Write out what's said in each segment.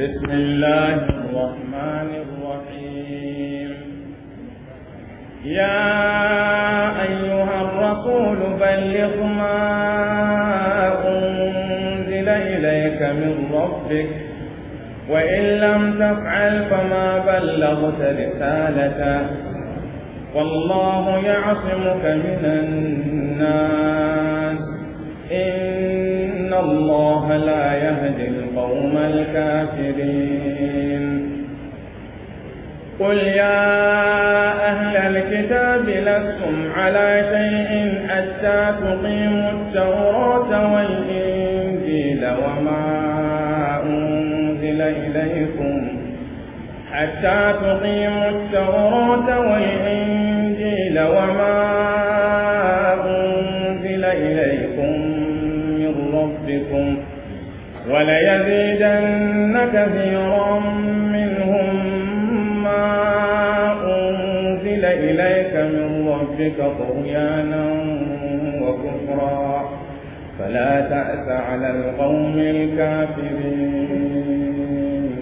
بسم الله الرحمن الرحيم يا أيها الرسول بلغ ما أنزل إليك من ربك وإن لم تفعل فما بلغت رسالته والله يعصمك من الناس الناس إن الله لا يهدي القوم الكافرين قل يا أهل الكتاب لستم على شيء حتى تقيموا التوراة والإنجيل وما أنزل إليكم حتى تقيموا التوراة والإنجيل وما وليزيدن كثيرا منهم ما أنزل إليك من ربك طغيانا وكفرا فلا تأس على القوم الكافرين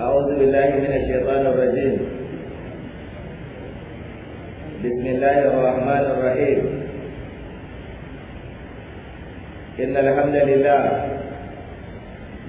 أعوذ بالله من الشيطان الرجيم بسم الله الرحمن الرحيم إن الحمد لله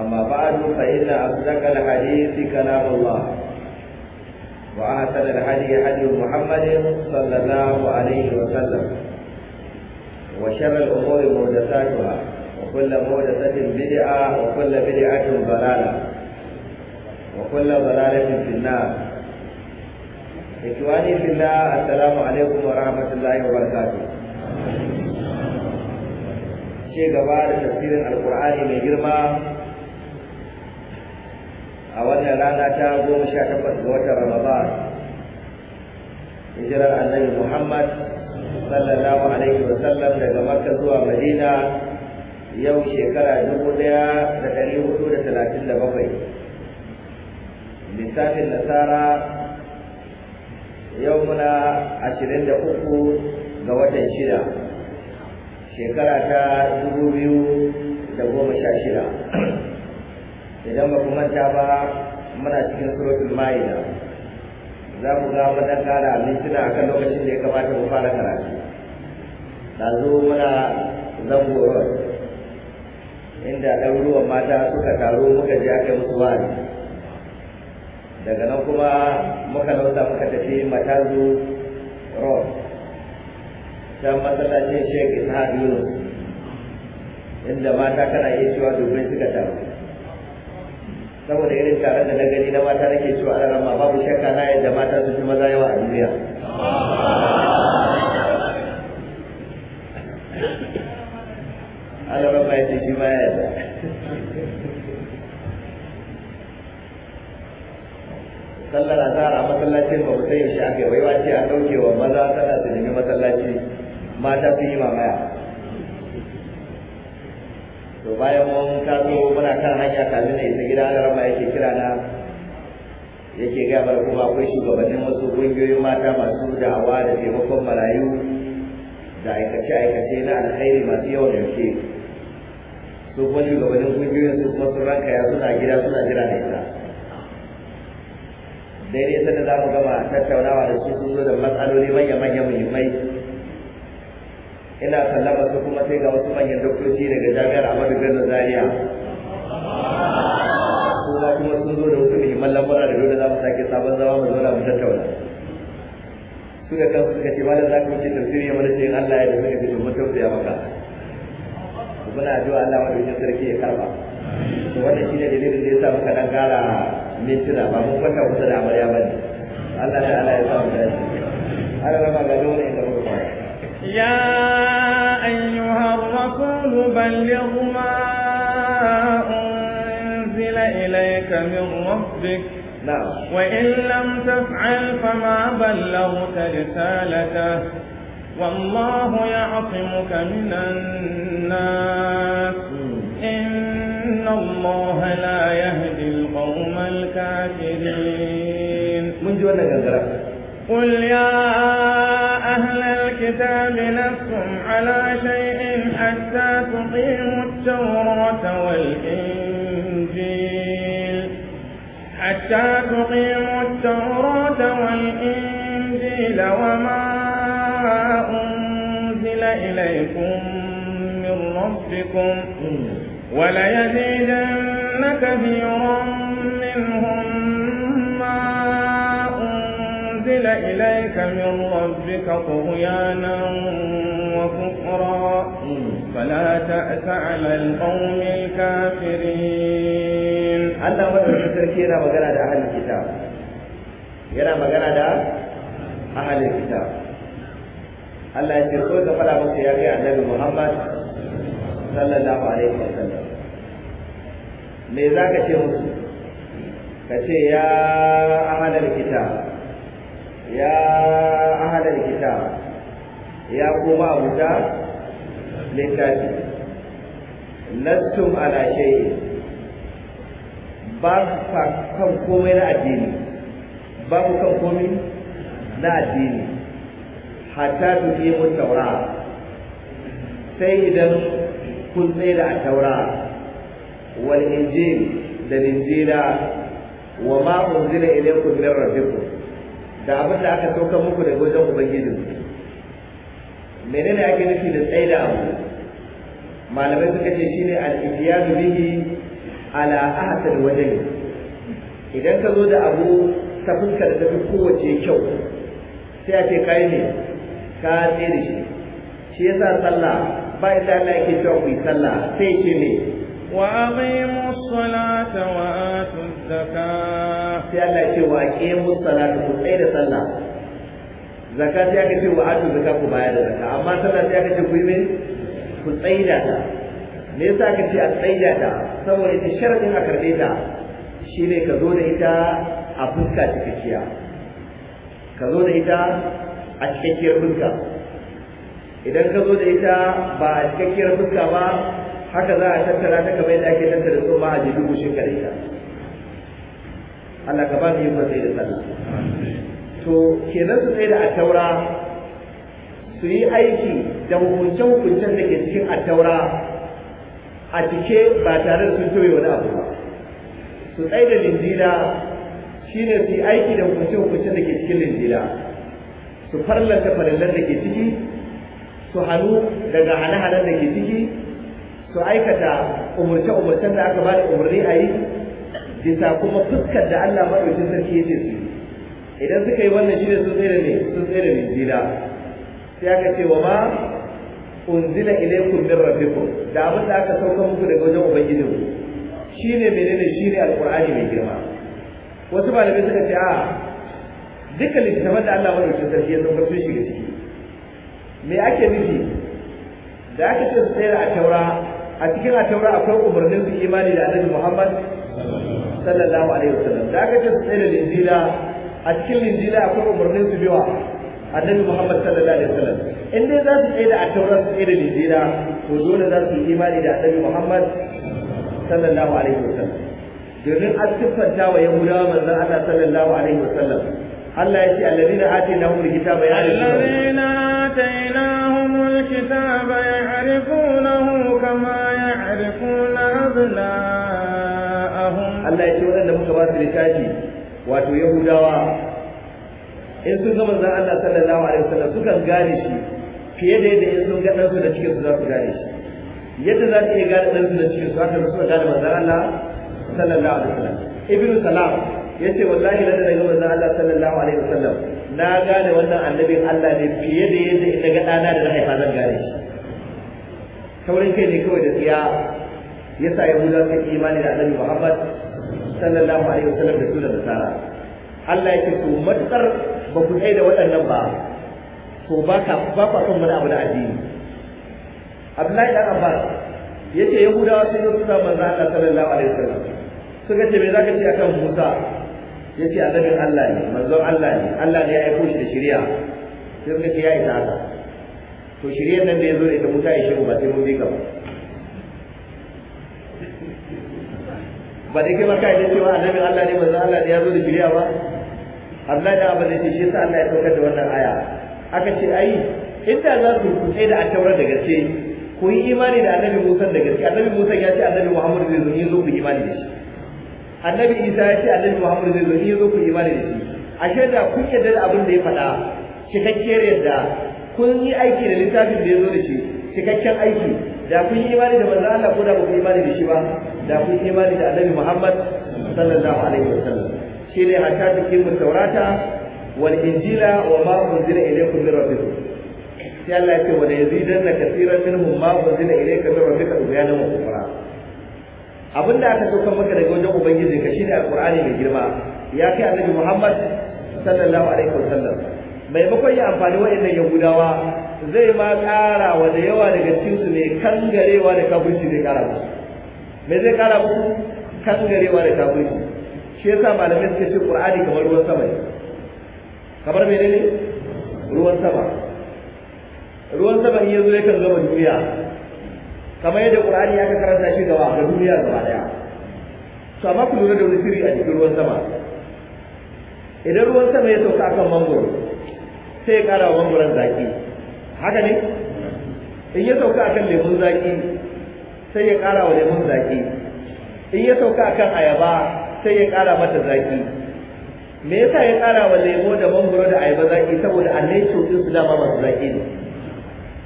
أما بعد فإن أصدق الحديث كلام الله وأحسن الهدي هدي محمد صلى الله عليه وسلم وشر الأمور محدثاتها وكل محدثة بدعة وكل بدعة ضلالة وكل ضلالة في النار إخواني في الله السلام عليكم ورحمة الله وبركاته شيء غبار تفسير القرآن من جرمه a wannan rana ta goma sha takwas ga watan ramadan hijirar annabi muhammad sallallahu alaihi wa sallam daga makka zuwa madina yau shekara dubu daya da dari hudu da talatin da bakwai lissafin nasara yau muna ashirin da uku ga watan shida shekara ta dubu biyu da goma sha shida idan ba kuma ta ba muna cikin suratul ma'ida za mu ga mun dan kara mintuna akan lokacin da ya kamata mu fara karatu zo muna zangoro inda ɗaruruwan mata suka taru muka je aka yi musu wa'azi daga nan kuma muka nausa muka tafi matazu rod can masallacin sheik ishaq yunus inda mata kana iya cewa dubai suka taru saboda irin taron da na gani na mata nake cewa a ranar babu shakka na yadda mata su fi maza yawa a duniya Allah ba ya ce shi ya da. sallar azhar a masallacin ba sai yaushe ake waiwa ce a ɗauke wa maza tana su nemi masallaci mata sun yi mamaya to bayan mun taso muna kan hanya kamin na isa gida ana rama yake kira na yake gaya bar kuma akwai shugabannin wasu ƙungiyoyin mata masu da'awa da taimakon marayu da aikace-aikace na alkhairi masu yawan gaske su kuma shugabannin ƙungiyoyin su kuma sun ranka ya suna gida suna jira da ita daidai sanda za mu gama tattaunawa da su sun zo da matsaloli manya-manya muhimmai ina sallama su kuma sai ga wasu manyan doktoci daga jami'ar Ahmadu Bello Zaria kuma kuma sun zo da wasu muhimman lambara da dole za mu sake sabon zama mu zauna mu tattauna suka kan suka ce malam za ku ce tafsiri mana ce Allah ya da mu fi domin tausaya maka muna addu'a Allah madaukakin sarki ya karba to wannan shine dalilin da yasa muka dan gara mintuna ba mun kwanta kusa da amarya bane Allah ta'ala ya sa mu dace Allah ba ga dole inda muka fara ya تبلغ ما أنزل إليك من ربك نعم. وإن لم تفعل فما بلغت رسالته والله يعصمك من الناس إن الله لا يهدي القوم الكافرين قل يا أهل الكتاب لستم على شيء حتى تقيموا التوراة والإنجيل حتى تقيموا التوراة والإنجيل وما أنزل إليكم من ربكم وليزيدن كثيرا منهم ما أنزل إليك من ربك طغيانا وكفرا فلا تأس على القوم الكافرين الله مدرسة تركي أنا مقالة أهل الكتاب yana magana da ahalin kitab Allah ya ce so ka faɗa musu ya kai annabi Muhammad sallallahu alaihi me za ka ce musu ka ce ya ahalin kitab ya ahalin kitab ya koma wuta littafi lastum ala shayi ba su kan komai na addini ba ku kan komai na addini hatta su ke mun taura sai idan kun tsaye da taura wal injil da linjila wa ma unzila ilaykum min rabbikum da abin da aka sauka muku da wajen ubangijinku menene ake nufi da tsaida abu malamai suka ce shine al-ihtiyadu bihi ala ahsal wajen. idan ka zo da abu ta fuska da tafi kowace kyau sai a ce kai ne ka tsere shi shi yasa sallah ba ita Allah yake cewa ku yi sallah sai ce ne wa aqimu salata wa atu zakata sai Allah ce wa aqimu salata ku tsaya da sallah zaka sai aka ce wa atu zaka ku bayar da zaka amma sallah sai aka ce ku yi me ku tsaida ta me yasa aka ce a tsaida ta saboda ita sharadin a karbe ta shine ka zo da ita a fuska cikakkiya ka zo da ita a cikakkiyar fuska idan ka zo da ita ba a cikakkiyar fuska ba haka za a tattara ta kamar yadda ake tattara ba a jibi gushin ka ta Allah ka ba mu yi matsayi da sallah to kenan su tsaye da taura, su yi aiki da hukunce-hukuncen da ke cikin taura a cike ba tare da sun toye wani abu ba su tsaye da linjila ne su yi aiki da hukunce-hukuncen da ke cikin linjila su farlanta farillan da ke ciki su hannu daga hane-hanen da ke ciki su aikata umurce-umurcen da aka ba da umarni a yi bisa kuma fuskar da Allah maɗaukin sarki ya su yi idan suka yi wannan shine sun tsere da ne sun tsere ne linjila sai aka ce wa ma unzila ilaykum min rabbikum da abin da aka sauka muku daga wajen ubangijin shine menene shine alqur'ani mai girma wasu malamai suka ce a duka littafin da Allah madaukakin sarki ya sauka sun shiga ciki me ake nufi da aka ce su tsere a taura a cikin a taura akwai umarnin su imani da annabi Muhammad sallallahu alaihi wasallam da aka ce su tsere da injila a cikin linjila akwai umarnin su biwa annabi Muhammad sallallahu alaihi wasallam in dai za su tsaye da attaurar su tsaye da linjila to dole za su yi imani da annabi Muhammad sallallahu alaihi wasallam domin an siffanta wa yahudawa manzon Allah sallallahu alaihi wasallam Allah ya ce alladina atainahumul kitaba ya'rifuna alladina atainahumul kitaba ya'rifunahu kama ya'rifuna abna'ahum Allah ya ce waɗanda muka ba su littafi wato yahudawa in sun zama zan Allah sallallahu alaihi wasallam sukan gane shi fiye da yadda in sun ga ɗansu da cikin su za su gane shi yadda za su iya gane ɗansu da cikin su haka suka gane manzon Allah sallallahu alaihi wasallam ibnu salam yace wallahi na daga manzon Allah sallallahu alaihi wasallam na gane wannan annabin Allah ne fiye da yadda in ga ɗana da na haifa zan gane shi taurin kai ne kawai da tsiya yasa yahudawa suka imani da annabi Muhammad sallallahu alaihi wasallam da sunan nasara Allah yake to matsar ba ku da waɗannan ba to ba ka ba ka son wani abu da addini Abdullahi dan Abbas yace Yahudawa sun yi suna manzo Allah sallallahu alaihi wasallam suka ce me zaka ce akan Musa yace annabin Allah ne manzon Allah ne Allah ne ya aika shi da shari'a sai suka ya isa haka to shari'ar nan da yazo da ita Musa ya shigo ba sai mun bi ka ba ba dai kai maka idan cewa annabin Allah ne manzo Allah ne ya zo da shari'a ba Allah da ba da shi sa Allah ya saukar da wannan aya aka ce ai inda za su kuce da attaura da gaske ku yi imani da annabi Musa da gaske annabi Musa ya ce annabi Muhammad zai zo ni zo ku imani da shi annabi Isa ya ce annabi Muhammad zai zo ni zo ku imani da shi ashe da kun yarda da abin da ya faɗa cikakkiyar yadda kun yi aiki da littafin da ya zo da shi cikakken aiki da kun yi imani da manzo Allah ko da ba yi imani da shi ba da kun yi imani da Annabi Muhammad sallallahu alaihi wasallam shine hatta tukimu taurata wal injila wa ma unzila ilaykum min rabbikum sai Allah ya ce wa yazidanna kaseeran minhum ma unzila ilayka min rabbika tughyana wa kufra abinda aka saukar maka daga wajen ubangiji ka shine alqur'ani mai girma ya kai Annabi Muhammad sallallahu alaihi wasallam maimakon ya amfani wa'annan yahudawa zai ma ƙara wa da yawa daga cikinsu mai kangarewa da kafirci zai ƙara musu mai zai ƙara musu kangarewa da kafirci shi yasa malamai suka ce qur'ani kamar ruwan sama ne kamar menene ruwan sama ruwan sama in yanzu yakan gama duniya kamar yadda qur'ani ya karanta shi gaba da duniya gaba daya to amma ku lura da wani sirri a cikin ruwan sama idan ruwan sama ya sauka kan mangoro sai ya ƙara wa mangoron zaki haka ne in ya sauka akan lemun zaki sai ya ƙara wa lemun zaki in ya sauka akan ayaba sai ya ƙara mata zaki me yasa ya ƙara wa lemo da mangoro da ayaba zaki saboda annaito din su dama masu zaki ne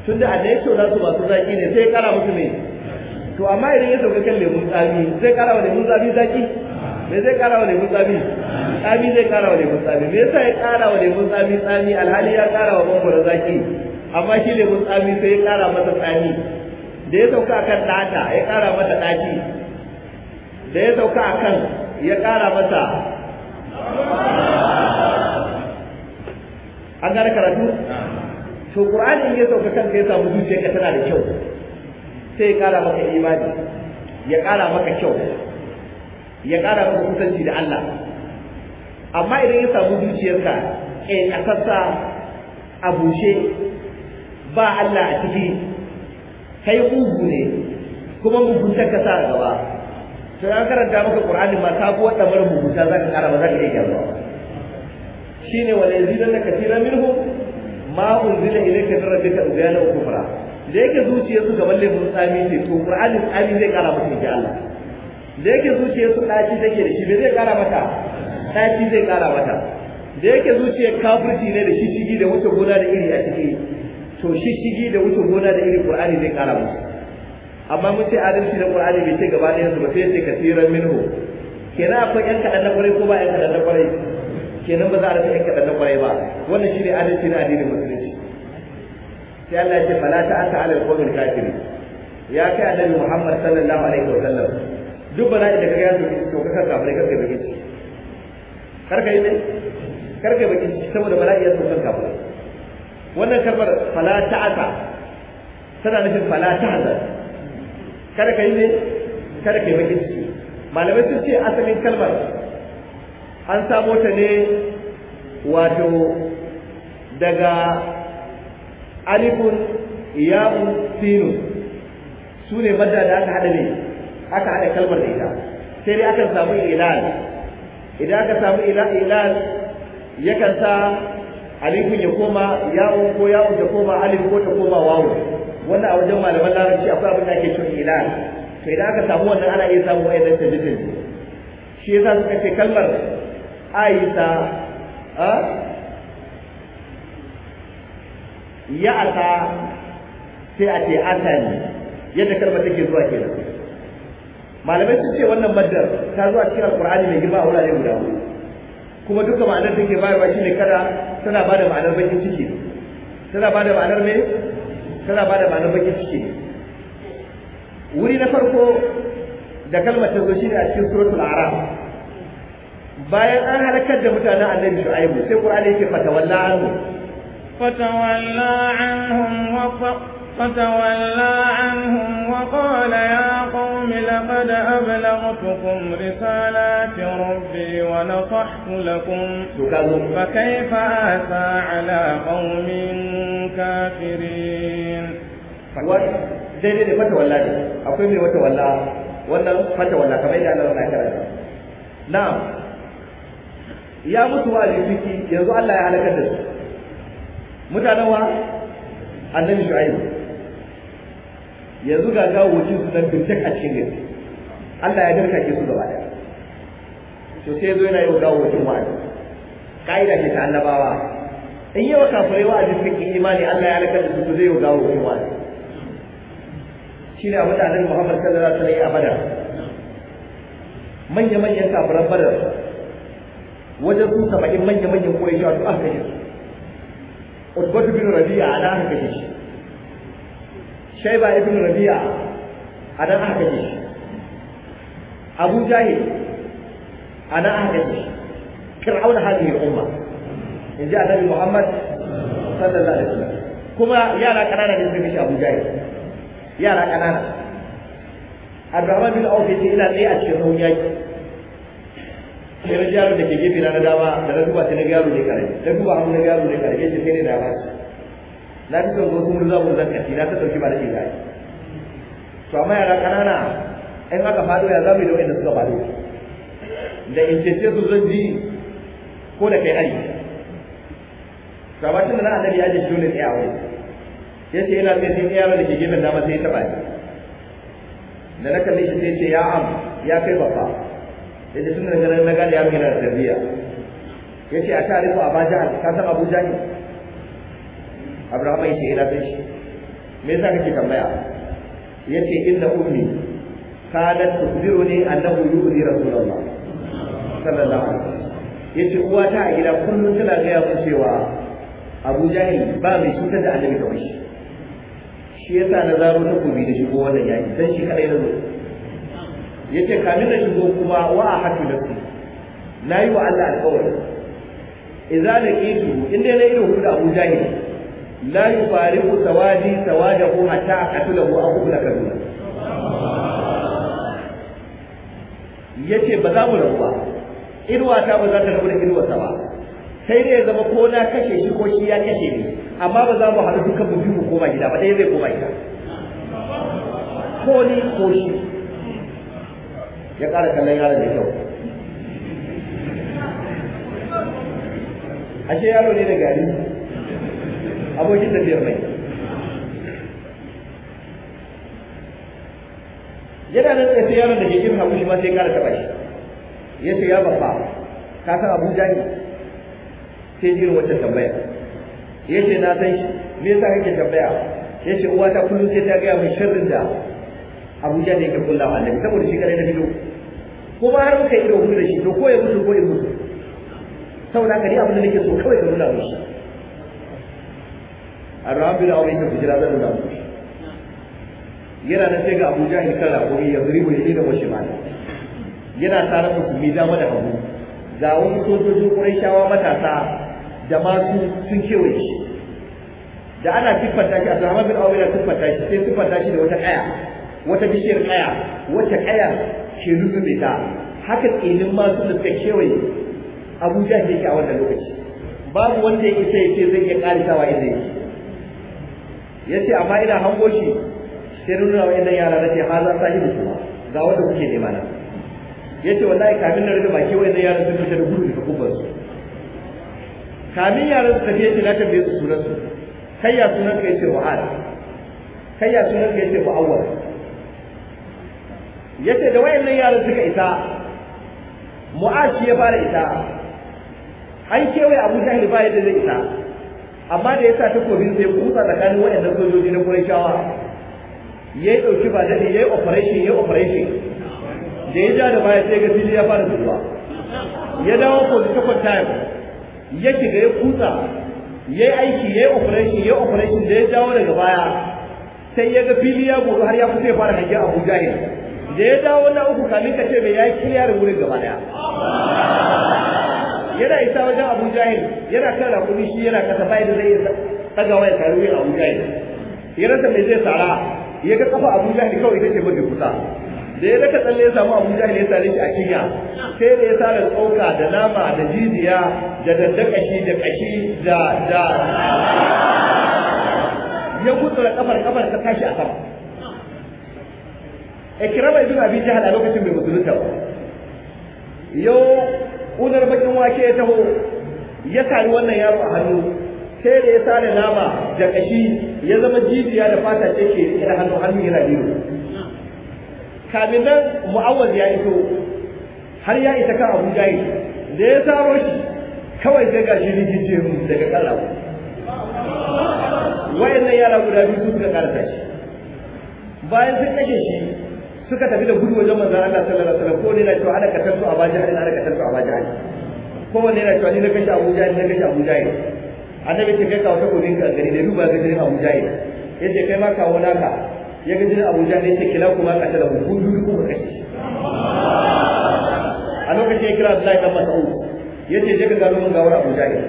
Tun tunda annaito nasu masu zaki ne sai ya ƙara musu ne to amma idan ya sauka kan lemun tsami zai ƙara wa lemun tsami zaki me zai ƙara wa lemun tsami tsami zai ƙara wa lemun tsami me yasa ya ƙara wa lemun tsami tsami alhali ya ƙara wa mangoro zaki amma shi lemun tsami sai ya ƙara masa tsami da ya sauka akan ɗata ya ƙara masa ɗaki da ya sauka akan ya ƙara masa. an gane karatu to qur'ani ya sauka kanka ya samu zuciyarka tana da kyau sai ya ƙara maka imani ya ƙara maka kyau ya ƙara maka kusanci da Allah amma idan ya samu zuciyarka ƙeƙasassa a bushe ba Allah a ciki kai kugu ne kuma mugunta ka sa gaba to ya karanta maka Qur'ani ma ka wata damar mugunta za ka kara ba za ka iya gaba shine wala yazidanna katira minhu ma unzila ilayka min rabbika ubyana wa kufra da yake zuciyar su gaban laifin tsami ne to Qur'ani tsami zai kara maka ji Allah da yake zuciyar su daci take da shi me zai kara maka daci zai kara mata da yake zuciyar kafirci ne da shishigi da wuce gona da iri a ciki to shi shigi da wucin gona da irin qur'ani zai kara musu amma mun ce adalci da qur'ani bai ce gaba da yanzu ba sai ce kasiran minhu kenan akwai yan kadan na kwarai ko ba yan kadan na kwarai kenan ba za a rasa yan kadan na kwarai ba wannan shi ne adalci na addinin musulunci sai Allah ya ce fala ta'ata 'ala al-qawmil kafirin ya kai annabi Muhammad sallallahu alaihi wa sallam duk bala'i da kaga yanzu zo to kaka kafirai kaka bakin karka yi ne karka bakin saboda bala'i ya zo kan kafirai wannan kalmar fala ta'ata tana nufin fala ta'ata kada ka yi ne kada ka yi bakin ciki malamai sun ce asalin kalmar an samo ta ne wato daga alifun ya'un sinu su ne madda da aka haɗa ne aka haɗa kalmar da ita sai dai aka samu ilal idan aka samu ilal yakan sa alifin ya koma yawo ko yawo ta koma alif ko ta koma wawo wanda a wajen malaman larabci akwai abin da ake cewa ilal to idan aka samu wannan ana iya samu ta jikin shi yasa suka ce kalmar aisa a ya ata sai a ce atani yadda kalmar take zuwa ke malamai sun ce wannan maddar ta zuwa cikin alkur'ani mai girma a wurare guda huɗu kuma duka ma'anar da ke bayarwa shi ne kada tana ba da ma'anar bakin ciki tana ba da ma'anar me tana ba da ma'anar bakin ciki wuri na farko da kalmar ta zo shi ne a cikin suratul araf bayan an halakar da mutanen annabi shu'aibu sai qur'ani yake fatawalla anhu fatawalla anhum wa fatawalla anhum wa qala ya qawm قوم لقد أبلغتكم رسالات ربي ونصحت لكم فكيف آسى على قوم كافرين daidai da fata walla ne akwai mai wata walla wannan fata walla kamar yadda Allah na karanta na'am ya mutu wa yanzu Allah ya halakar da su mutanen wa annabi shu'aib yanzu ga gawawwakin su dan bincik a cikin gari Allah ya darka ke su gaba daya to sai zo yana yau gawawwakin wa'azi ka'ida ce ta annabawa in yawa kafirai wa'azi sun ki imani Allah ya alaka da su zai yau gawawwakin wa'azi shine abin da Annabi Muhammad sallallahu alaihi wasallam ya bada manya-manyan kafiran badar wajen su saba'in manya-manyan kurai shi a duk aka kashe su Utbatu bin Rabi'a ana aka kashe shi shaiba ibn rabi'a a nan aka kashe shi abu jahil a nan aka kashe shi fir'aun hadhihi al-umma in ji annabi muhammad sallallahu alaihi wasallam kuma yara kanana ne suka kashe abu jahil yara kanana abdurrahman bin auf yace ina tsaye a cikin ruwan yaki sai na yaro da ke gefe na dama da na duba sai na yaro ne kare na duba hannu na yaro ne kare yace sai ne dama na fi son wasu mu zaɓin zarkaci na ta dauki ba da ke gari. to amma yara ƙanana in aka faɗo ya zamu da wanda suka faɗo da in ce su zan ji ko da kai ai to amma tun da na annabi ya ji dole tsaya wai ya ce ina sai ɗaya da ke gefen dama sai ta taɓa da na kalle shi sai ce ya am ya kai babba ya ce tun da na gane yaro yana da tarbiya ya ce a tarihi alifu a baja ka san abuja ne abraham ya ce ina eh, san shi me yasa kake tambaya yace inna ummi kanat tukhbiruni annahu yu'zi rasulullah sallallahu alaihi wasallam yace uwa ta a gida kullum tana gaya mun cewa Abu Jahil ba mai cutar da annabi kamar shi shi yasa na zaro ta kubi da shigo wannan yaki dan shi kadai zo yace kamin da shigo kuma wa a ahatu nafsi nayi wa Allah alƙawari idza laqitu inda na ido da Abu Jahil la yufariqu sawadi sawadahu hatta aqtulahu aw uhlaka duna yace ba za mu rabu ba irwa ta ba za ta rabu da irwa ta ba sai dai ya zama ko na kashe shi ko shi ya kashe ni amma ba za mu haɗu dukan mu biyu mu koma gida ba ɗaya zai koma gida ko ni ko shi ya ƙara kallon yaron da kyau ashe yaro ne da gari abokin tafiyar mai yana nan tsaye yaron da ke girma mushi ma sai kara taba shi ya ce ya bafa ka san abu jani sai jirin wacce tambaya ya ce na san shi me yasa kake tambaya ya ce uwa ta kullum sai ta gaya mai sharrin da abuja ne yake kullawa annabi saboda shi kare na fito kuma har muka yi da da shi to ko ya mutu ko ya mutu saboda haka ni abin da nake so kawai ka nuna mushi arabin aure ta kujira zan da su yana da sai ga abuja ne kan rakuri ya zuri mai ne da wasu mana yana tare da musulmi dama da hagu ga wani sojojin ƙurayshawa matasa da masu sun kewaye shi da ana siffanta shi abdurrahman bin awila siffanta shi sai siffanta shi da wata kaya wata bishiyar kaya wata kaya ke rubuce ta haka tsinin masu da suka kewaye abuja ne ke a wannan lokaci babu wanda ya isa ya ce zai iya ƙarisawa inda yake yace amma ina hango shi sai nuna wa idan yara nace haza sahibu kuma ga wanda kuke nema na yace wallahi kamin na rubuta baki wa inda yara sun fita da gudu daga kubbar su kamin yaran su tafi yace na tambaye su sunan su kai ya sunan ka yace wahal kai ya sunan ka yace mu'awwal yace da wayannan yaran suka isa mu'ashi ya fara isa an kewaye abu jahil ba yadda zai isa amma da yasa sa takobin sai kutsa tsakanin waɗannan sojoji na Qurayshawa yayi dauki ba dade yayi operation yayi operation da ya ja da baya sai ga fili ya fara zuwa ya dawo ko second time. ya shiga ya kutsa yayi aiki yayi operation yayi operation da ya dawo daga baya sai ya ga fili ya gudu har ya fito ya fara hangen Abu Jahil da ya dawo na uku kamin ka ce mai ya kiyar wurin gaba daya yana isa wajen abu jahil yana kan rakuni shi yana kasa bai da zai daga waya tare da abu jahil ya rasa mai zai tsara ya ga kafa abu jahil kawai ita ce mafi kusa da ya daka tsalle ya samu abu jahil ya tsare shi a kinya sai da ya tsara tsauka da nama da jijiya da daddakashi da kashi da da ya gutsura kafar kafar ta tashi a sama ikirama ibn abi jahal a lokacin bai musulunta ba yau kunar bakin wake ya taho ya sari wannan yaro a hannu sai da ya sare nama da kashi ya zama jijiya da fata ce ke da hannu hannu yana biyu kamin nan mu'awaz ya iso har ya isa kan abu jayi da ya saro shi kawai sai ga shi mu daga kalla wayannan yara guda biyu suka karta shi bayan sun kashe shi suka tafi da gudu wajen manzon Allah sallallahu alaihi wasallam ko ne na cewa ana katar su a baji hali ana katar su a baji hali ko wanne na cewa ni na kashi Abu Jahil na kashe Abu Jahil annabi ce kai ka wata gobin ka gari da duba ga jirin Abu Jahil yace kai ma kawo ka, ya ga abuja Abu Jahil yace kila kuma ka tada ku biyu ku ka a lokacin ya kira Abdullahi dan Mas'ud yace je ka gano mun gawar Abu Jahil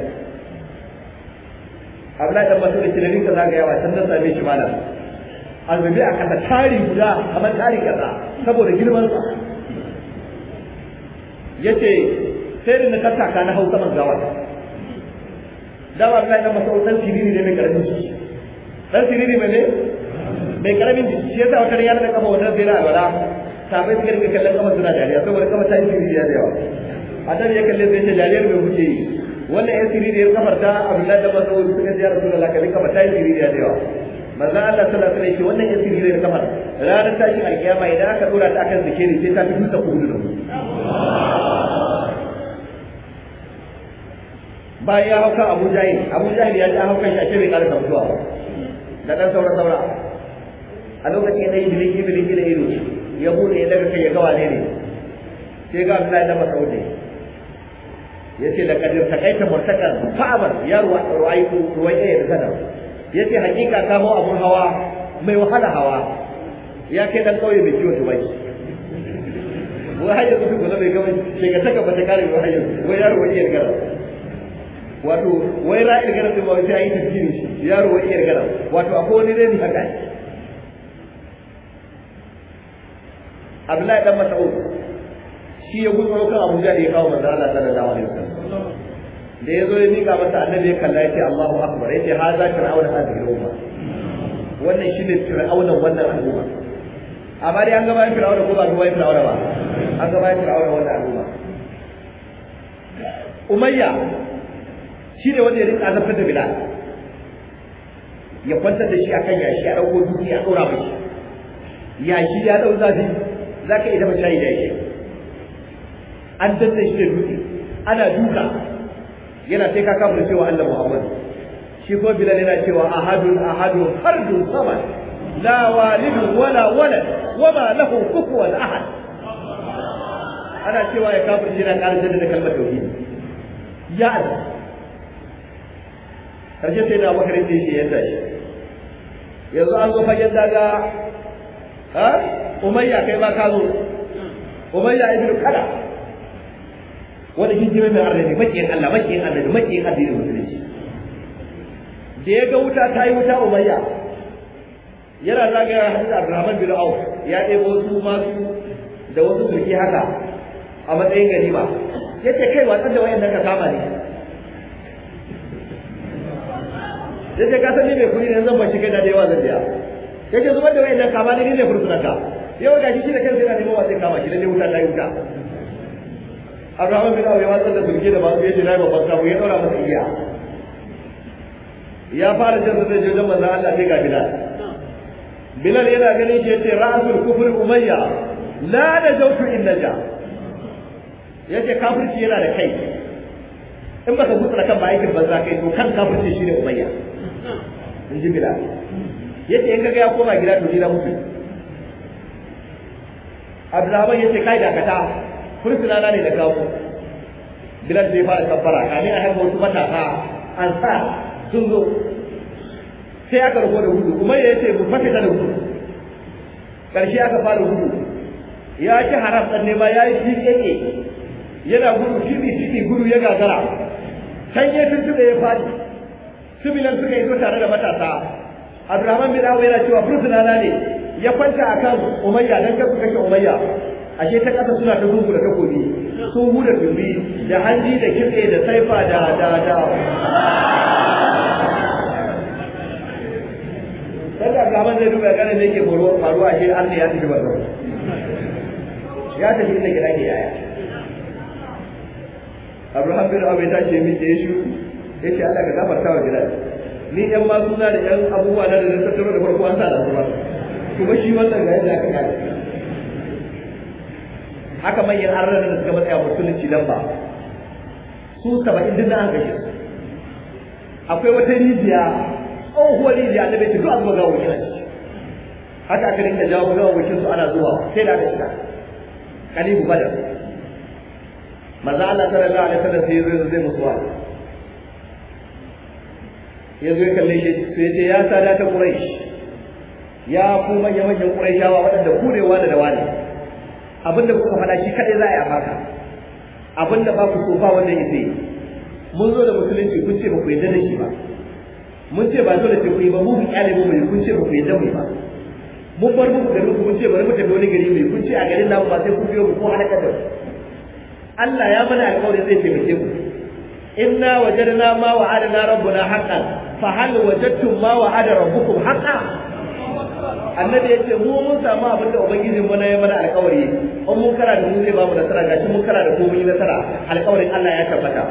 Abdullahi dan Mas'ud ce da rinka yawa, can da same shi malam azabi a kasa tari guda kamar tari kasa saboda girman sa yace sai da tattaka na hausa man gawa dawa Allah ya masa wannan siriri ne mai karamin su. dan siriri mai ne mai karamin jiki shi yasa wata riyar da kama wata zira a wala sabai suka rika kallon kama suna dariya saboda kama ta yi siriri da yawa a dan ya kalle zai ce dariyar mai huce yi wannan yan siriri ya kafar ta abdullahi da masaudi suka ziyara sunan lakalin kama ta yi siriri da yawa manzo Allah sallallahu alaihi wasallam wannan yasiri ne da kafar ranar tashin alkiyama idan aka dora ta akan zikiri sai ta fi duka kudu da bayan ya hauka Abu Jahil Abu Jahil ya ji hauka shi a ce bai ƙara sabuwa da ɗan saura saura a lokacin da yi biliki biliki da ido ya bude ya daga kai ya gawa ne ne sai ga Ya ce da Mas'ud yace laqad taqaita murtakan fa'abar ya ruwa ruwayi ruwayi da zanar ce hakika kamo abun hawa mai wahala hawa ya ke dan kauye mai kiwo tubai wai hanyar yanzu kuma bai gama sai ga saka bata kare wai hanyar yanzu wai yaro wani gara wato wai ra'il garan ba wai sai yi tafsiri shi yaro wani gara wato akwai wani rani haka Abdullahi dan Mas'ud shi ya gudu lokacin Abuja da ya kawo manzo Allah sallallahu alaihi wasallam da ya zo ya miƙa masa annabi ya kalla ya ce Allahu akbar ha za haza fir'auna hadhihi al-umma wannan shine fir'aunan wannan al'umma amma dai an gaba bayan fir'auna ko ba ga bayan fir'auna ba an gaba bayan fir'auna wannan al'umma umayya shine wanda ya rinka azabtar da bilal ya kwantar da shi akan yashi a dauko duki a daura mai yashi ya dau zafi zaka idan ba shayi da yake an danne shi da duki ana duka yana sai ka kafin cewa Allah Muhammad shi ko Bilal yana cewa ahadun ahadun fardun samad la walidun wala walad ma lahu kufuwan ahad ana cewa ya kafin shi na karin da kalmar tauhid ya Allah karshe sai na bakar ce shi ya shi yanzu an zo fagen daga ha umayya kai ba ka zo umayya ibnu kala wanda shi jimai mai arziki makiyin Allah makiyin arziki makiyin addinin musulunci da ya ga wuta ta yi wuta umayya yana zagaya hadisi Abdurrahman bin Auf ya ɗebo wasu masu da wasu turki haka a matsayin ganima ce kai watsar da wayannan ka kama ne ya ka san ni mai kuɗi ne zan bashi kai da yawa zan biya ce zubar da wayannan kama ne ne fursunan yau ga shi shi da kansa yana neman wasu kama shi lalle wuta ta yi wuta Abraham bin Abi watsar da sulke da ba su yace na babban kawo ya daura masa iya ya fara jin zai je wajen Allah sai ga Bilal Bilal yana ganin shi yace ra'sul kufr umayya la najawtu illa ja yace kafirci yana da kai in ba baka gutsura kan ma'aikin banza kai to kan kafirci ne umayya in ji Bilal yace in kaga ya koma gida to ni na mutu Abdulrahman yace kai dakata fursuna na ne da kawo bilal zai fara kafara kame a harba wasu matasa an sa sun zo sai aka rubo da gudu kuma ya ce ku fafita da gudu Ƙarshe aka fara gudu ya ci haram ɗan nema ya yi shi ƙeƙe yana gudu shi ne gudu ya gagara can ya tuntuɓe ya faɗi sibilan suka yi tare da matasa abdurrahman bin awo yana cewa fursuna na ne ya kwanta akan umayya dan kar kashe umayya ashe ta kasa suna ta gungu da takobi sun huda dubi da hanji da kirke da saifa da da da Sanda gaban zai duba ganin da yake faruwa ashe Allah ya tafi bazan. Ya tafi inda gida ke yaya. Abraham bin Abi ta ce miki ya shiru ya ce Allah ka gafarta wa gida. Ni ma suna da 'yan abubuwa da da tattaro da farko an sa da kuma. Kuma shi wannan ga yadda aka kada. haka manyan arnar da suka matsaya musulunci nan ba su saba'in duk na an kashe akwai wata rijiya tsohuwar rijiya da bai ci zuwa zuwa gawo yana haka aka rinka jawo gawo wakil su ana zuwa sai da aka shiga kalibu Bada, maza Allah sallallahu alaihi wasallam sai yazo zai musu wa yazo ya kalle shi sai ce ya sada ta ƙurai. ya kuma manyan ƙurai shawa waɗanda kurewa da dawa ne abinda kuka faɗa shi kadai za a yi a baka abinda ba ku so ba wanda ya sai mun zo da musulunci kun ce ba ku yadda da shi ba mun ce ba dole ce ku yi ba mu kyale mu mai kun ce ba ku yadda mu ba mun bar muku garin ku mun ce bari mu tafi wani gari mai kun ce a garin namu ba sai ku biyo mu ko halaka da Allah ya mana alƙawari zai taimake mu inna wajadna ma wa'adana rabbuna haqqan fa hal wajadtum ma wa'ada rabbukum haqqan annabi ya ce mu mun samu abin da ubangiji mu na yi mana alkawari in mun kara da mu zai ba mu nasara gashi mun kara da komai mun yi nasara alkawarin Allah ya tabbata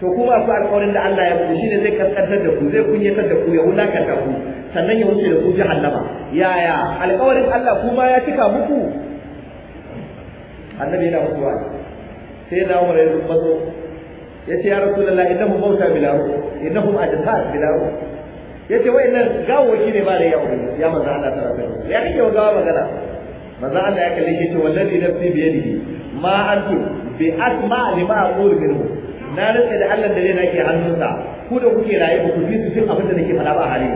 to kuma akwai alkawarin da Allah ya shi shine zai kaskantar da ku zai kunyatar da ku ya wulakanta ku sannan ya wuce da ku jahannama yaya alkawarin Allah kuma ya cika muku annabi yana mutuwa sai na umar ya zo ya ce ya rasulullahi innahum mauta bila ruh innahum ajsad bila ruh yace wayannan gawoki ne ba da yawa ya manzo Allah ta rafa ya yawon gawa magana manzo Allah ya kalli shi wannan wallahi nafsi bi yadihi ma antu bi asma lima aqulu minhu na rike da Allah da zai nake hannunsa ku da kuke raye ba ku fi su cin abin da nake faɗa ba hali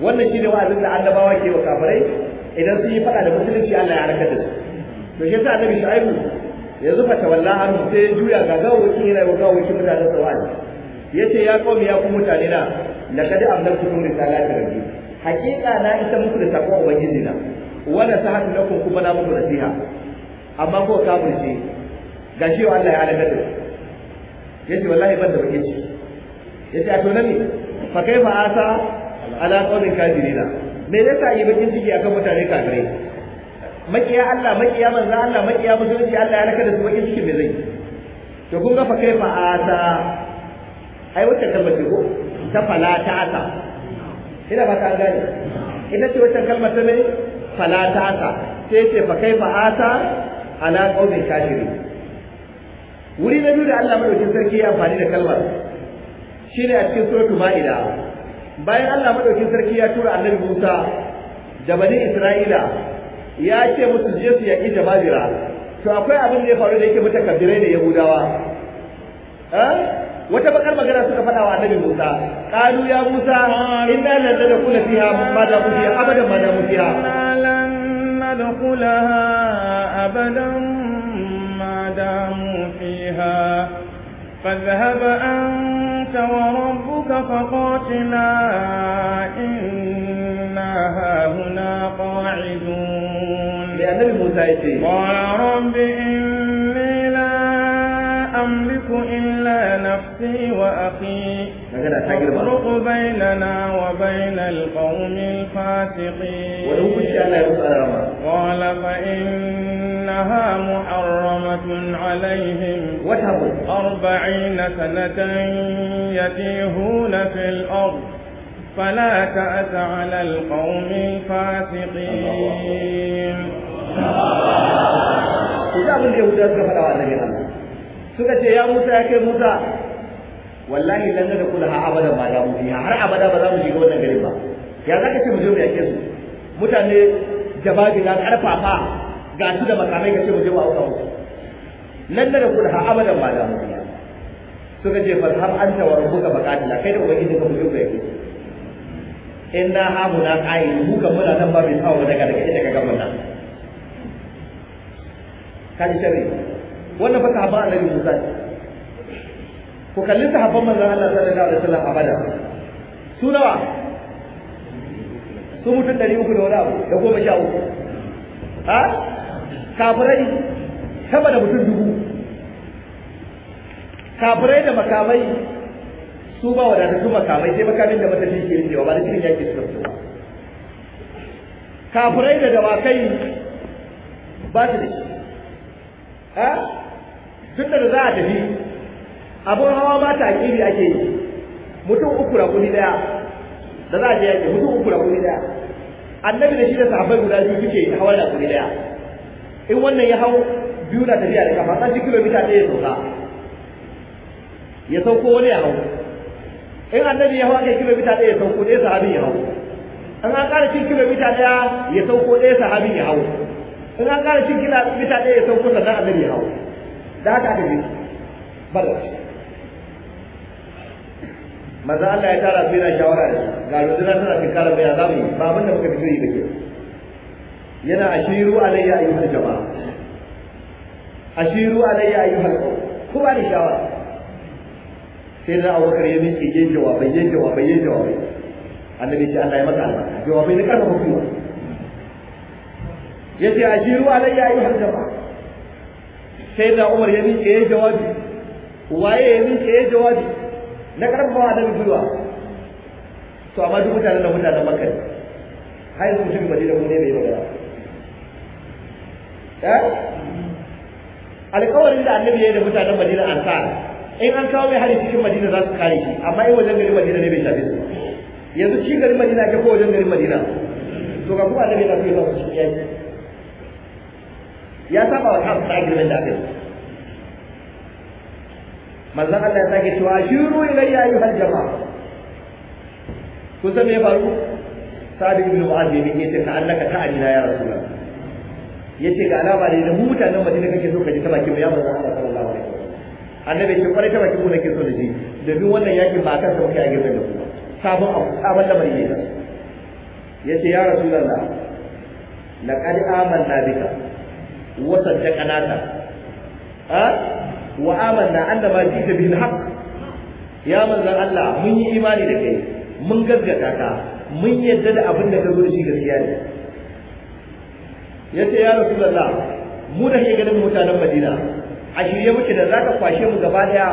wannan shine wa'azin da annabawa ke wa kafirai idan sun yi faɗa da musulunci Allah ya harkar da su to shi yasa annabi Shu'aibu yanzu fa tawalla an sai juya ga gawoki yana ga gawoki mutanen sawani yace ya kawo ya ku mutane na laqad amlaktukum risalati rabbi hakika na isa muku da sakon ubangiji na wa nasahatu lakum kuma na muku nasiha amma ko ka burce gashi wallahi ya halaka yace wallahi ban da bake ci yace a to nami fa kaifa asa ala qawlin kadirina me yasa yi bakin ciki akan mutane kafirai makiya Allah makiya manzo Allah makiya musulunci Allah ya halaka da su bakin ciki me zai to kun ga fa kaifa asa ai wacce kalmar ce ko ta fala ta asa ina ba ta gane ina ce wacce kalmar ta ne fala ta asa sai ce fa kai fa asa ala qawmi kafiri wuri na biyu da Allah madaukin sarki ya amfani da kalmar shine a cikin suratul ma'ida bayan Allah madaukin sarki ya tura annabi Musa da bani Isra'ila ya ce musu je su yaƙi jama'ira, to akwai abin da ya faru da yake mutakabbirai da Yahudawa eh wata bakar magana suka faɗa wa annabi Musa qalu ya Musa inna lan nadkhula fiha ma da fiha abadan ma da fiha lan nadkhulaha abadan ma damu fiha فاذهب أنت وربك فقاتلا إنا هاهنا قاعدون لأن موسى قال رب إن نفسي وأخي وافرق بيننا وبين القوم الفاسقين قال فإنها محرمة عليهم أربعين سنة يتيهون في الأرض فلا تأس على القوم الفاسقين. Tidak boleh dia sudah kepada suka ce ya Musa ya kai Musa wallahi dan da kula ha abada ba ya ya har abada ba za mu shiga wannan garin ba ya zaka ce mu je mu yake su mutane da karfafa ga su da makamai ka ce mu je mu auka musu nan da kula ha abada ba za mu suka ce fa har anta wa rabbuka baqatila kai da ubangiji ka mu je mu yake inna hamuna qayyim mu kan muna nan ba bi tsawo daga daga inda ka ga kan kaji sharri wannan fa sahabban annabi Musa ne ku kalli haɓar manzan Allah sallallahu alaihi wasallam abada su nawa su mutum ɗari uku da wani abu da goma sha uku ha kafirai sama da mutum dubu kafirai da makamai su ba wadatattun makamai sai makamin da matafi ke wa ba da cikin yaƙi su fito kafirai da dawakai ba su da shi duk da za a tafi abun hawa ba ta kiri ake yi mutum uku rakuni daya da za a je yake mutum uku rakuni daya annabi da shi da sahabbai guda biyu suke hawa da rakuni daya in wannan ya hau biyu na tafiya da kafa tsanci kilomita ɗaya ya sauka ya sauko wani ya hau in annabi ya hau aka kilomita ɗaya ya sauko ɗaya sahabin ya hau in an ƙara cin kilomita ɗaya ya sauko ɗaya sahabin ya hau in an ƙara cin kilomita ɗaya ya sauko sannan annabi ya hau da haka aka ji bar da shi maza Allah ya tara su yana shawara da su ga rundunar tana tinkara mai azami ba abin da muka fito yi bake yana ashiru alayya ayyuhal jama'a ashiru alayya ayyuhal qaum ko ba ni shawara sai da Abubakar ya miƙe yin jawabai yin jawabai yin jawabai annabi ce Allah ya maka albarka jawabai na karfafa kuma yace ashiru alayya ayyuhal jama'a sai da umar ya miƙe ya jawabi waye ya miƙe ya jawabi na karfafa da mutuwa? to amma duk mutane da mutane makka ne har yanzu mutum bai da ne bai magana eh da annabi ya yi da mutanen madina an sa in an kawo mai hari cikin madina za su kare shi amma in wajen garin madina ne bai shafe su yanzu cikin garin madina ke ko wajen garin madina to ga kuma annabi na so ya sa su yaki ya saba wa kan a girman da aka manzon Allah ya sake cewa shiru yi ayyuhal jama'a kusa me faru sa'ad ibn mu'adh ne yace ka annaka ta'adina ya rasulullah yace ga alama ne da mu mutanen Madina kake so ka ji ta bakin ya manzon Allah sallallahu alaihi wasallam annabi ce kwarai ta bakin mu nake so da ji domin wannan yakin ba kan sa a girman da ku sabon abu sabon lamari ne yace ya rasulullah laqad amanna bika watan ta kanata ha wa amanna annama jita bil haqq ya manzon Allah mun yi imani da kai mun gaggata ka mun yadda da abin da ka zo da shi gaskiya ne yace ya rasulullah mu da ke ganin mutanen Madina a shirye muke da zaka kwashe mu gaba daya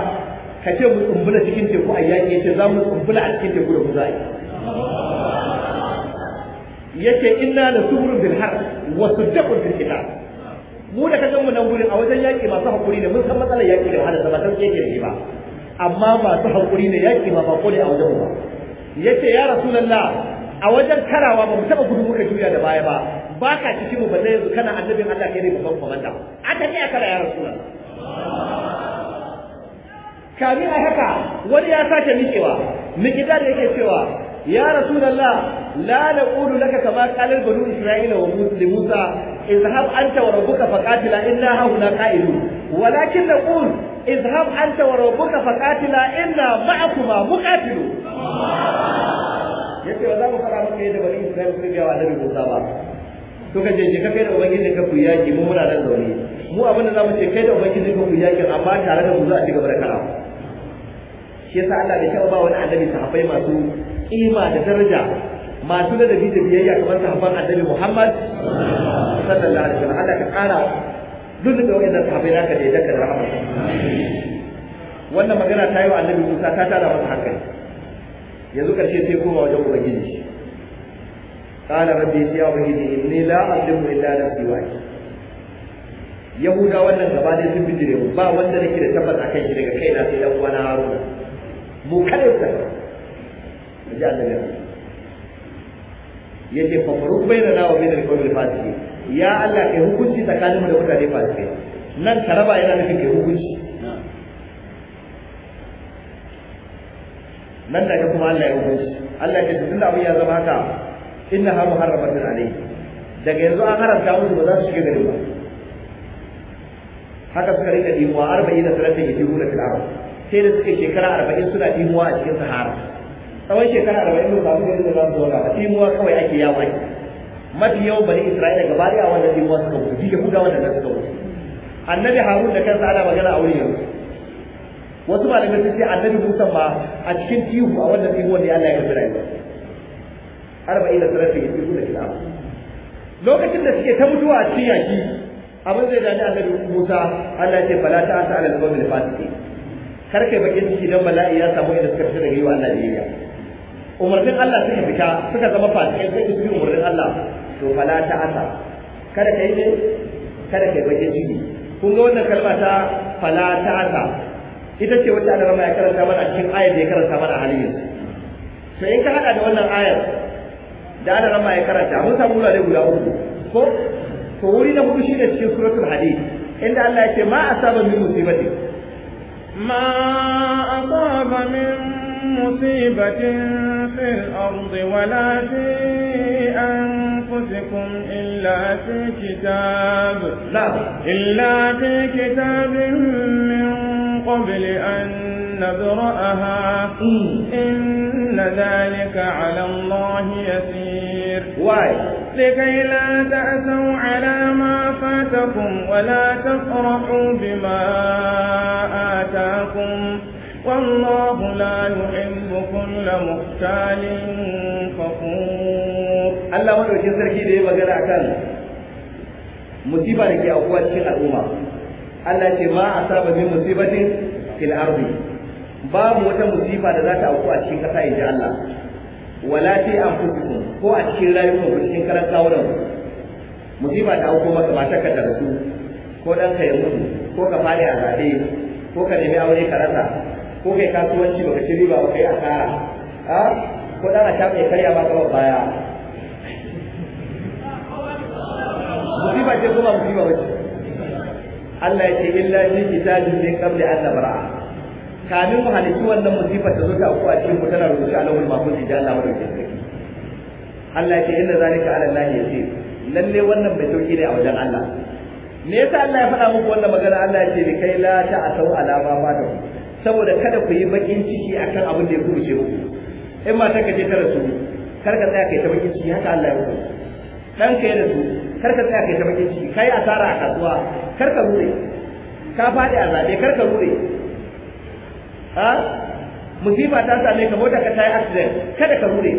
ka ce mu tsumbula cikin teku a yaƙi yace za mu tsumbula a cikin teku da mu za'i yace inna la subrun bil har wa suddaqun bil kitab mu da kasan mu nan gurin a wajen yaƙi masu haƙuri ne mun san matsalar yaƙi da wahala ba san ƙeƙe ne ba amma masu haƙuri ne yaƙi ba bako ne a wajen ba yace ya rasulullah a wajen karawa ba mu taɓa gudu muka juya da baya ba ba ka mu ba sai yanzu kana annabin Allah kai ne babban komanda ta ce aka ya rasulullah kami a haka wani ya sake miƙewa miƙida da yake cewa ya rasulullah la naqulu laka kama qala banu isra'ila wa Musa. izhab anta wa rabbuka faqatila inna hauna qa'idun walakin naqul izhab anta wa rabbuka faqatila inna ma'akuma muqatilun yace ba za mu fara maka yadda bani Isra'il suka ga da Annabi Musa ba suka ce je ka kai da ubangiji ka ku yaki mu muna nan zaune mu abin da zamu ce kai da ubangiji ka ku yaki amma tare da mu za a ci gaba da kara shi yasa Allah bai taɓa ba wani annabi sahabbai masu kima da daraja masu ladabi da biyayya kamar sahabban annabi Muhammad sallallahu alaihi wasallam Allah ka kara duk da wayannan sahabbai naka da yadda ka da wannan magana ta yi wa annabi Musa ta tara masa hankali yanzu karshe sai kuma wajen ubangiji qala rabbi ya ubangiji inni la azlimu illa nafsi wahid yahuda wannan gaba dai sun bijire mu ba wanda nake da tabbas kan shi daga kaina sai dan uwana haruna mu kada ta ji annabi yace fa faruq bainana wa bainal qawmil fasiqin ya Allah kai hukunci tsakaninmu da mutane fasikai nan ka raba yana nufin kai hukunci nan da kuma Allah ya hukunci Allah ya ce tunda abin ya zama haka inna ha muharramatun alayhi daga yanzu an haramta musu ba za su shiga gari ba haka suka rika dimuwa arba'in da salatin yajibuna fil arab sai da suka shekara arba'in suna dimuwa a cikin sahara tsawon shekara arba'in da samu garin da za su zauna a timuwa kawai ake yawon mafi yawan bani isra'ila gaba a wannan timuwa suka mutu duk yahudawa da nan suka wuce annabi harun da kansa ana magana a yanzu. wasu malamai sun ce annabi musa ma a cikin tihu a wannan tihuwar ne allah ya karbi rayuwa arba'in da sarrafa ya tihu da kila lokacin da suke ta mutuwa a cikin yaki abin zai dani annabi musa allah ce fala ta'ata ala al-qawmi al-fasiqin kar kai bakin ciki dan bala'i ya samu inda suka fita daga yi wa allah biyayya umarnin Allah suka fita suka zama fasikai sai su bi umarnin Allah to fala ta asa kada kai ne kada kai baje jini kun ga wannan kalma ta fala ta asa ita ce wacce Allah ya karanta mana cikin ayar da ya karanta mana a halin yanzu to in ka hada da wannan ayar da Allah ya karanta mun samu wurare guda uku ko to wuri na hudu shine cikin suratul hadid inda Allah ya ce ma asaba min musibati ma asaba min مصيبة في الأرض ولا في أنفسكم إلا في كتاب لا نعم. إلا في كتاب من قبل أن نبرأها إن ذلك على الله يسير واي لكي لا تأسوا على ما فاتكم ولا تفرحوا بما آتاكم والله لا يحب كل مختال فخور الله madaukin sarki da ya magana akan musiba da ke aukuwa cikin al'umma Allah ce ma asaba min musibatin fil ardi babu wata musiba da za ta auku a cikin kasa هو Allah wala fi anfusikum ko a cikin rayukan cikin ta auku maka ba shakka da ko dan ka ya mutu ko ka fare a zabe ko ka nemi aure ka rasa ko kai kasuwanci baka ci riba ba kai asara a ko dan a tabe karya ba gaba baya ba ce kuma ba bace Allah ya ce illa ni kitabin min qabli an nabra'a kamin mu halici wannan musibar ta zo ta ku a cikin mu tana rubuce a lawul mahfuz da Allah madaukakin sarki Allah ya ce inna zalika ala Allah yasir lalle wannan mai tauki ne a wajen Allah me yasa Allah ya faɗa muku wannan magana Allah ya ce kai la ta'asau ala ma fata. saboda kada ku yi bakin ciki akan abin da ya kubuce muku in ma ta kaje ta rasu kar ka tsaya kai ta bakin ciki haka Allah ya hukunta dan ka da rasu kar ka tsaya kai ta bakin ciki kai asara a kasuwa kar ka rure ka fadi a zabe kar ka rure ha musiba ta same ka mota ka tayi accident kada ka rure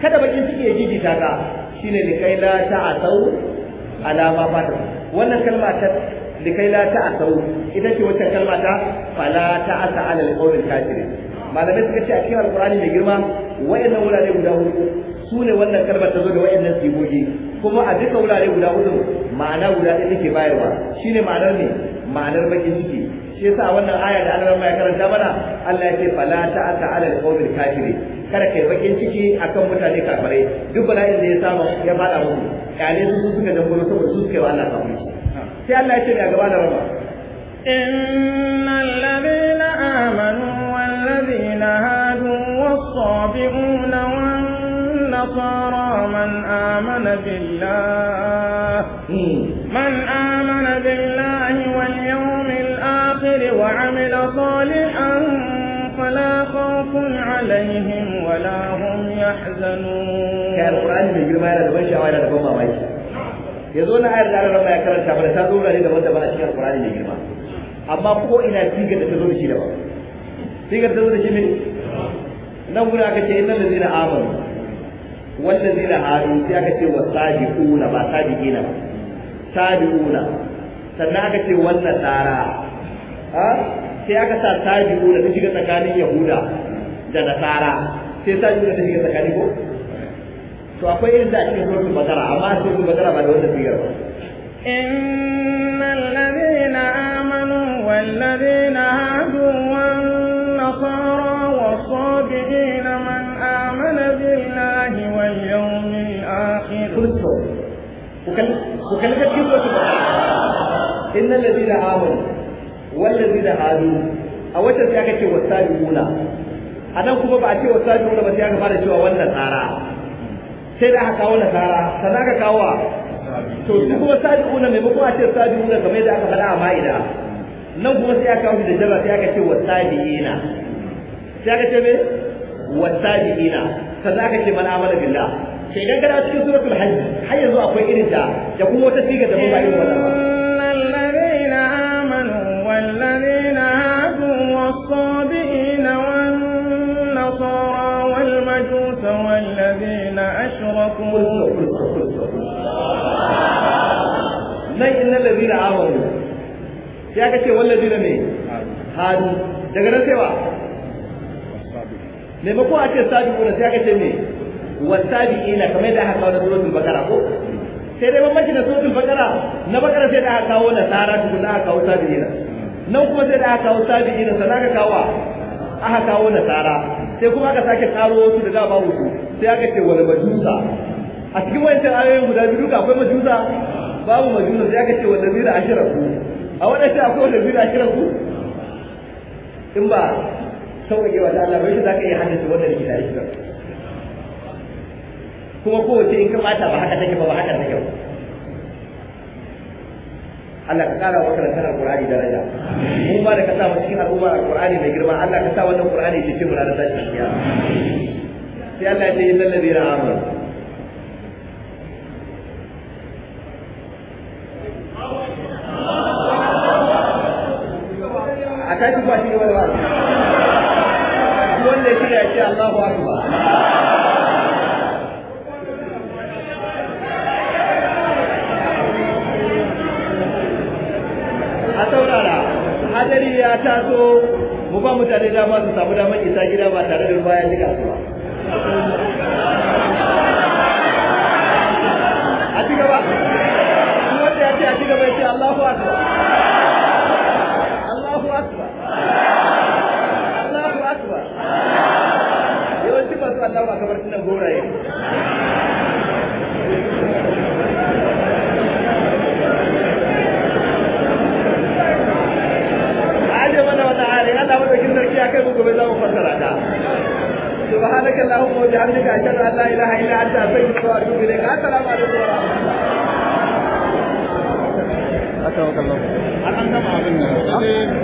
kada bakin ciki ya ta ka shine kai la ta'asau ala ma fata wannan kalma ta likai la ita ce wacce kalma ta fala ta asa ala qawlil kafiri. malamai suka ce a cikin alqur'ani mai girma wayannan wurare guda hudu su ne wannan kalmar ta zo da wayannan sigogi kuma a duka wurare guda hudu ma'ana guda ɗaya take bayarwa shine ma'anar ne ma'anar bakin ciki shi yasa wannan aya da Allah ya karanta mana Allah ya ce fala ta asa ala qawlil kafiri. kada kai bakin ciki akan mutane kafirai duk bala'in da ya samu ya fada mu kyale su suka dangoro saboda su suka yi wa Allah kafirci sai Allah ya ce mai gaba da rama إن الذين آمنوا والذين هادوا والصابئون والنصارى من آمن بالله من آمن بالله واليوم الآخر وعمل صالحا فلا خوف عليهم ولا هم يحزنون كان القرآن من جرمان البنش أولا لكم ما ماشي يزون عير العالم ما يكرر شعبنا تازول لدى مدى من أشياء القرآن من جرمان amma ko ina sigar da ta zo da shi da ba sigar ta zo da shi ne nan guda aka ce innal ladina amanu wal ladina hadu sai aka ce wasabiquna ba sabiqina ba sabiquna sannan aka ce wannan tsara ha sai aka sa sabiquna ta shiga tsakanin yahuda da nasara sai sabiquna ta shiga tsakanin ko to akwai irin da ake su bakara amma su bakara ba da wannan sigar ba innal ladina والذين هادوا والنصارى والصابئين من آمن بالله واليوم الآخر إن الذين آمنوا والذين هادوا أو تسيأك والسابقون anan kuma ba a ce wasa biyu ba sai aka fara cewa wannan tsara sai da aka kawo nasara sannan aka kawo to duk wasa biyu a ce aka a nan kuma sai aka wuce da jama sai aka ce wa wasabiina sai aka ce me wasabiina sannan aka ce man amana billah sai idan kana cikin suratul hajj har yanzu akwai irin ta da kuma wata siga da ba irin wannan ba الذين آمنوا والذين هادوا والصابئين والنصارى والمجوس والذين أشركوا من إن الذين آمنوا sai aka ce wallazi da me hadu daga nan sai wa maimakon a ce sabiquna sai aka ce me Ina kamar da aka kawo na suratul bakara ko sai dai mamaki na suratul bakara na bakara sai da aka kawo na tsara tukun aka kawo Ina. nan kuma sai da aka kawo ina sai aka kawo aka kawo na tsara sai kuma aka sake tsaro wasu da dama wasu sai aka ce wal majusa a cikin wancan ayoyin guda biyu duka akwai majusa babu majusa sai aka ce wal ladina ashraku a wani sai akwai wanda biyu a kiran ku in ba sauƙaƙe wa Allah bai shi za ka iya haddace wannan da gida kiran kuma kowace in ka bata ba haka take ba ba haka take ba Allah ka kara wa karantar Al-Qur'ani daraja mu ba da ka sa mu cikin al'umma Al-Qur'ani mai girma Allah ka sa wannan Qur'ani ya ce mu na da tashi sai Allah ya ce innal ladina amanu tashi ba shi gaba da wa'azi wanda ya shirya ya ce Allahu akbar a saurara hadari ya taso mu ba mutane dama su samu damar isa gida ba tare da ruwa ya jika su ba